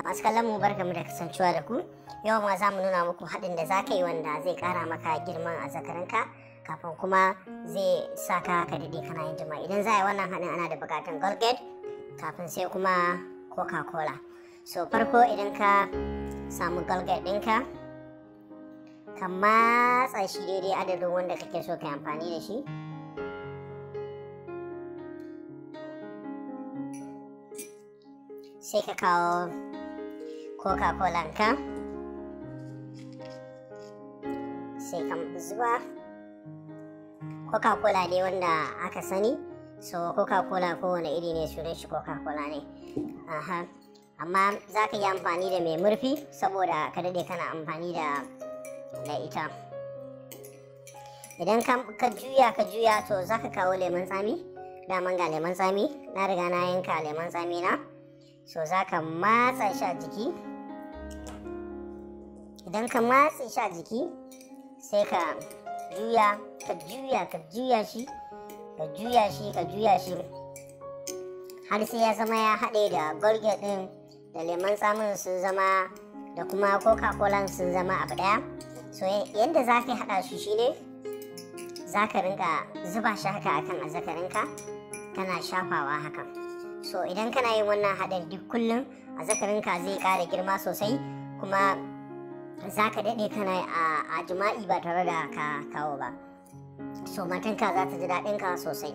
masu kallon mu barka mu da kasancewa da ku yau ma za mu nuna muku haɗin da za yi wanda zai ƙara maka girman a zakaranka kafin kuma zai sa ka ka daɗe kana yin idan za a yi wannan haɗin ana da buƙatar golgate kafin sai kuma coca cola so farko idan ka samu golgate ɗinka ka matsa shi daidai adadin wanda kake so ka yi amfani da shi sai ka coca-cola sai ka zuba coca-cola ne wanda aka sani so coca-cola ko wani iri ne sunan shi coca-cola ne aha amma za ka yi amfani da mai murfi saboda ka daɗe kana amfani da da ita idan ka juya ka juya to za ka kawo lemon tsami daman ga lemon tsami na riga na yanka lemon tsami na so za ka matsa shi a jiki idan ka matse shi a jiki sai ka juya ka juya ka juya shi ka juya shi ka juya shi har sai ya zama ya haɗe da gorge ɗin da lemon tsamin sun zama da kuma coca cola sun zama a ɗaya so yadda za ka haɗa shi shine za ka rinka zuba shi haka akan azzakarinka kana shafawa haka so idan kana yin wannan haɗin duk kullum azzakarinka zai ƙara girma sosai kuma za ka daɗe kana a jima'i ba tare da ka kawo ba so matanka za ta ji ka sosai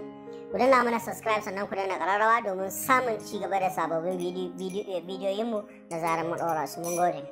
ku dana mana subscribe sannan ku dana ƙararrawa domin samun ci gaba da sababbin eh, bidiyoyinmu na zarar mu ɗora su mun gode